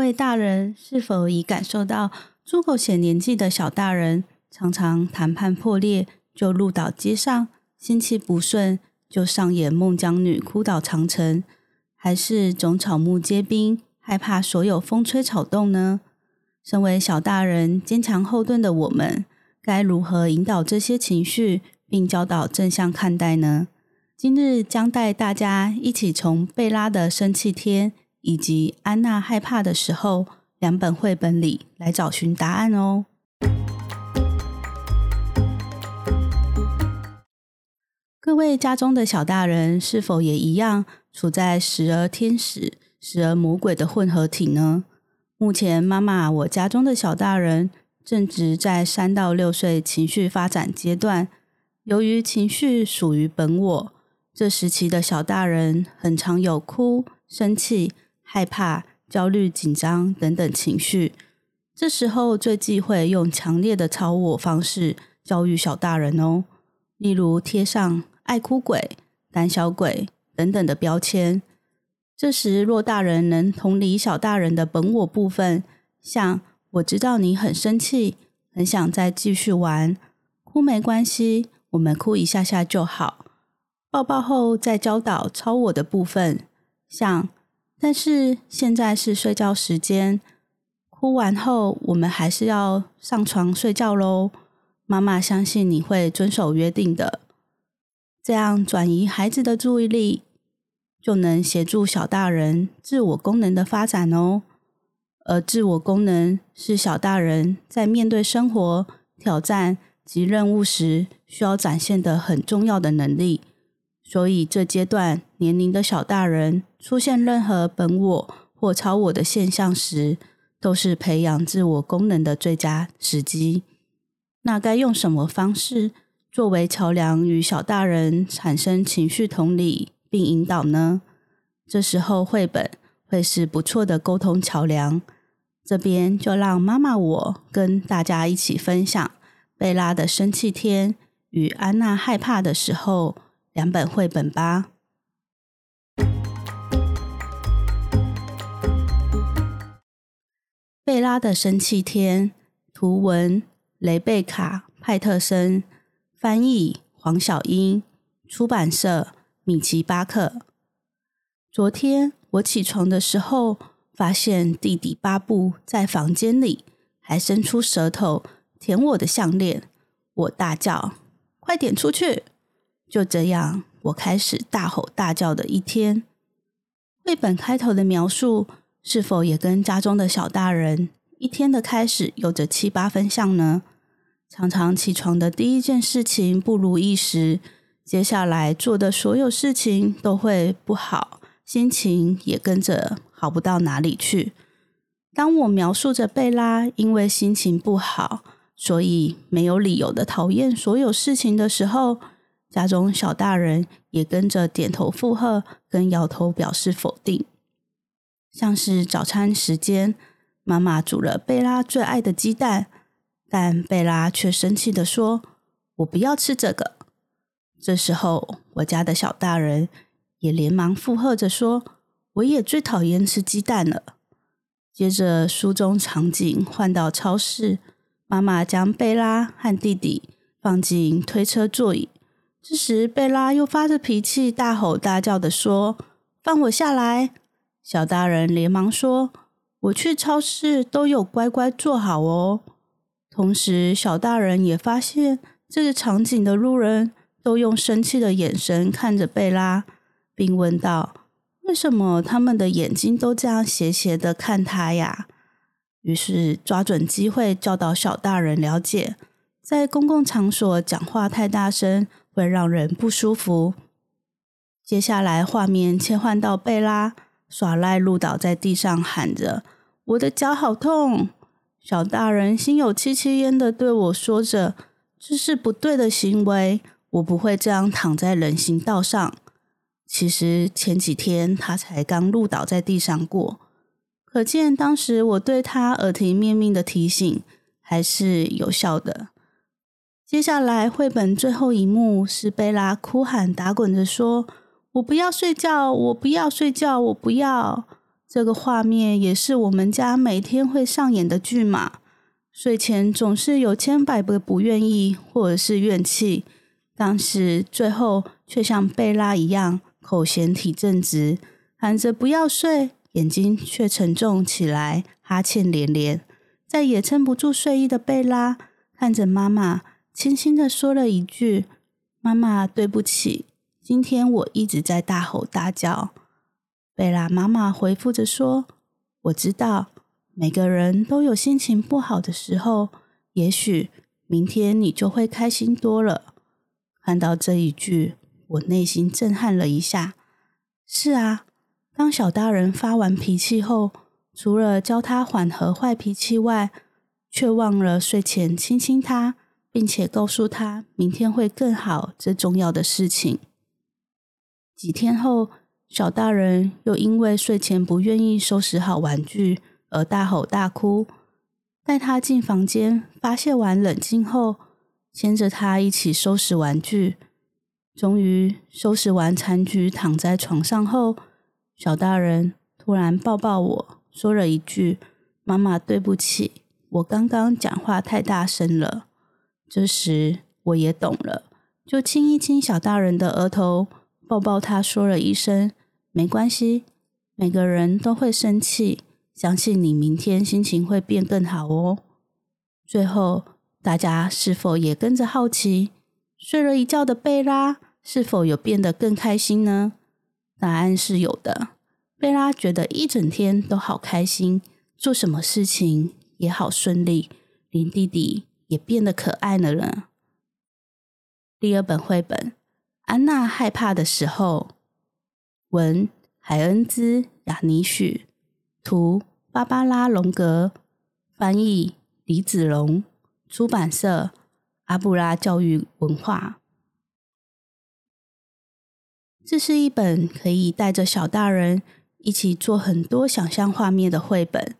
各位大人，是否已感受到豬狗嫌年紀的小大人，常常談判破裂就路倒街上，心氣不順就上演孟姜女哭倒長城，還是總草木皆兵，害怕所有風吹草動呢？身為小大人堅強後盾的我們，該如何引導這些情緒，並教導正向看待呢？今日將帶大家一起從貝拉的生氣天。以及安娜害怕的時候，兩本繪本裡來找尋答案哦。各位家中的小大人是否也一樣，處在時而天使、時而魔鬼的混合體呢？目前，媽媽我家中的小大人正值在三到六歲情緒發展階段，由於情緒屬於本我，這時期的小大人很常有哭、生氣。害怕、焦慮、緊張等等情緒，這時候最忌諱用強烈的超我方式教育小大人哦。例如貼上“愛哭鬼”、“膽小鬼”等等的標籤。這時若大人能同理小大人的本我部分，像我知道你很生氣，很想再繼續玩，哭沒關係，我們哭一下下就好，抱抱後再教導超我的部分，像，但是現在是睡覺時間，哭完後我們還是要上床睡覺嘍，媽媽相信你會遵守約定的。這樣轉移孩子的注意力，就能協助小大人自我功能的發展哦。而自我功能是小大人在面對生活挑戰及任務時需要展現的很重要的能力。所以，這階段年齡的小大人出現任何本我或超我的現象時，都是培養自我功能的最佳時機。那該用什麼方式作為橋梁與小大人產生情緒同理並引導呢？這時候，繪本會是不錯的溝通橋梁。這邊就讓媽媽我跟大家一起分享貝拉的生氣天與安娜害怕的時候。兩本繪本吧，《貝拉的生氣天》圖文：雷貝卡·派特森，翻譯：黃小英，出版社：米奇巴克。昨天我起床的時候，發現弟弟巴布在房間裡，還伸出舌頭舔我的項鏈。我大叫：“快點出去！”就這樣，我開始大吼大叫的一天。繪本開頭的描述是否也跟家中的小大人一天的開始有着七八分像呢？常常起床的第一件事情不如意時，接下來做的所有事情都會不好，心情也跟着好不到哪裡去。當我描述着貝拉因為心情不好，所以沒有理由的討厭所有事情的時候，家中小大人也跟着點頭附和，跟搖頭表示否定。像是早餐時間，媽媽煮了貝拉最愛的雞蛋，但貝拉卻生氣地說：“我不要吃這個。”這時候，我家的小大人也連忙附和着說：“我也最討厭吃雞蛋了。”接着，書中場景換到超市，媽媽將貝拉和弟弟放進推車座椅。這時，貝拉又發着脾氣，大吼大叫的說：“放我下來！”小大人連忙說：“我去超市都有乖乖坐好哦。”同時，小大人也發現這個場景的路人都用生氣的眼神看着貝拉，並問道：“為什麼他們的眼睛都這樣斜斜的看他呀？”於是，抓準機會教導小大人了解，在公共場所講話太大聲。會讓人不舒服。接下來，畫面切換到貝拉耍賴，路倒在地上，喊着：“我的腳好痛！”小大人心有戚戚焉的對我說着：“這是不對的行為，我不會這樣躺在人行道上。”其實前幾天他才剛路倒在地上過，可見當時我對他耳提面命的提醒還是有效的。接下來，繪本最後一幕是貝拉哭喊、打滾着說：“我不要睡覺，我不要睡覺，我不要。”這個畫面也是我們家每天會上演的劇碼。睡前總是有千百百個不願意或者是怨氣，但是最後卻像貝拉一樣口嫌體正直，喊着不要睡，眼睛卻沉重起來，哈欠連連，再也撐不住睡意的貝拉看着媽媽。輕輕的說了一句：“媽媽，對不起，今天我一直在大吼大叫。”貝拉媽媽回復着說：“我知道，每個人都有心情不好的時候，也許明天你就會開心多了。”看到這一句，我內心震撼了一下。是啊，當小大人發完脾氣後，除了教他緩和壞脾氣外，卻忘了睡前親親他。並且告訴他明天會更好，這重要的事情。幾天後，小大人又因為睡前不願意收拾好玩具而大吼大哭。帶他進房間發泄完冷靜後，牽着他一起收拾玩具。終於收拾完殘局，躺在床上後，小大人突然抱抱我說了一句：“媽媽，對不起，我剛剛講話太大聲了。”這時我也懂了，就親一親小大人的額頭，抱抱他，說了一聲“沒關係”，每個人都會生氣，相信你明天心情會變更好哦。最後，大家是否也跟着好奇，睡了一覺的貝拉是否有變得更開心呢？答案是有的，貝拉覺得一整天都好開心，做什麼事情也好順利，連弟弟。也變得可愛了呢。第二本繪本《安娜害怕的時候》，文海恩茲雅尼許，圖芭芭拉隆格，翻譯李子龍，出版社阿布拉教育文化。這是一本可以帶着小大人一起做很多想象畫面的繪本。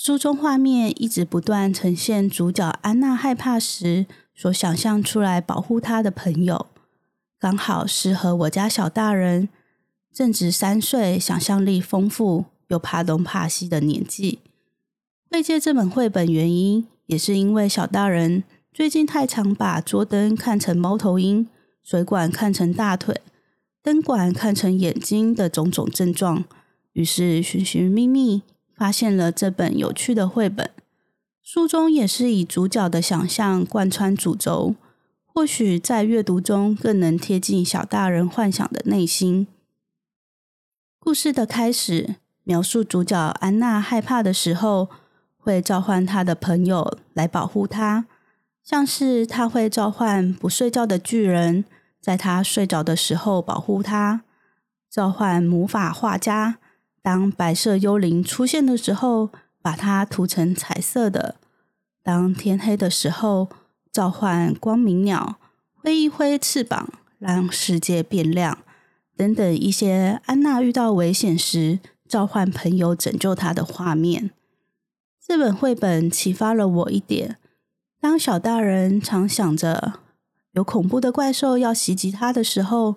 書中畫面一直不斷呈現主角安娜害怕時所想象出來保護她的朋友，剛好適合我家小大人，正值三歲，想象力豐富又怕東怕西的年紀。借這本繪本原因，也是因為小大人最近太常把桌燈看成貓頭鷹，水管看成大腿，燈管看成眼睛的種種症狀，於是尋尋覓覓。發現了這本有趣的繪本，書中也是以主角的想象貫穿主軸，或許在閱讀中更能貼近小大人幻想的內心。故事的開始描述主角安娜害怕的時候，會召喚她的朋友來保護她，像是她會召喚不睡覺的巨人，在她睡着的時候保護她，召喚魔法畫家。當白色幽靈出現的時候，把它塗成彩色的；當天黑的時候，召喚光明鳥，揮一揮翅膀，讓世界變亮。等等一些安娜遇到危險時，召喚朋友拯救她的畫面。這本繪本啟發了我一點，當小大人常想着有恐怖的怪獸要襲擊他的時候，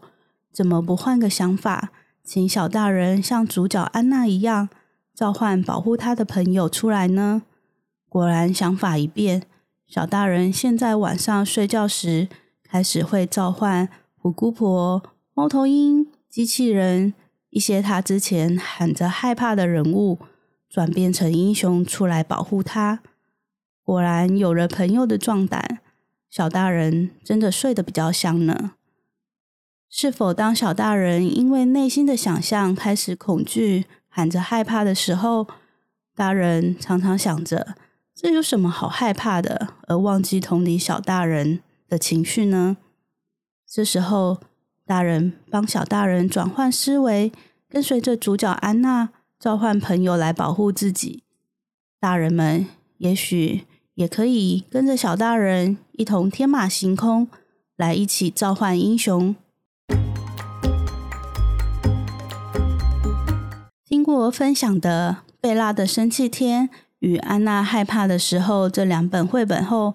怎麼不換個想法？請小大人像主角安娜一樣召喚保護他的朋友出來呢。果然，想法一變，小大人現在晚上睡覺時，開始會召喚虎姑婆、貓頭鷹、機器人，一些他之前喊着害怕的人物，轉變成英雄出來保護他。果然，有了朋友的壯膽，小大人真的睡得比較香呢。是否當小大人因為內心的想象開始恐懼，喊着害怕的時候，大人常常想着，這有什麼好害怕的，而忘記同理小大人的情緒呢？這時候，大人幫小大人轉換思維，跟隨着主角安娜召喚朋友來保護自己。大人們也許也可以跟着小大人一同天馬行空，來一起召喚英雄。我分享的《貝拉的生氣天》與《安娜害怕的時候》這兩本繪本後，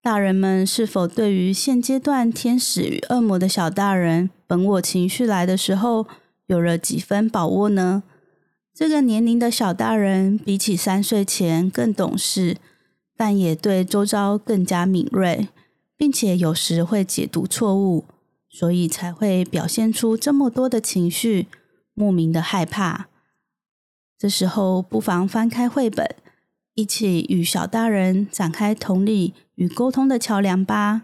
大人們是否對於現階段天使與惡魔的小大人本我情緒來的時候有了幾分把握呢？這個年齡的小大人比起三歲前更懂事，但也對周遭更加敏銳，並且有時會解讀錯誤，所以才會表現出這麼多的情緒，莫名的害怕。這時候不妨翻開繪本，一起與小大人展開同理與溝通的橋梁吧。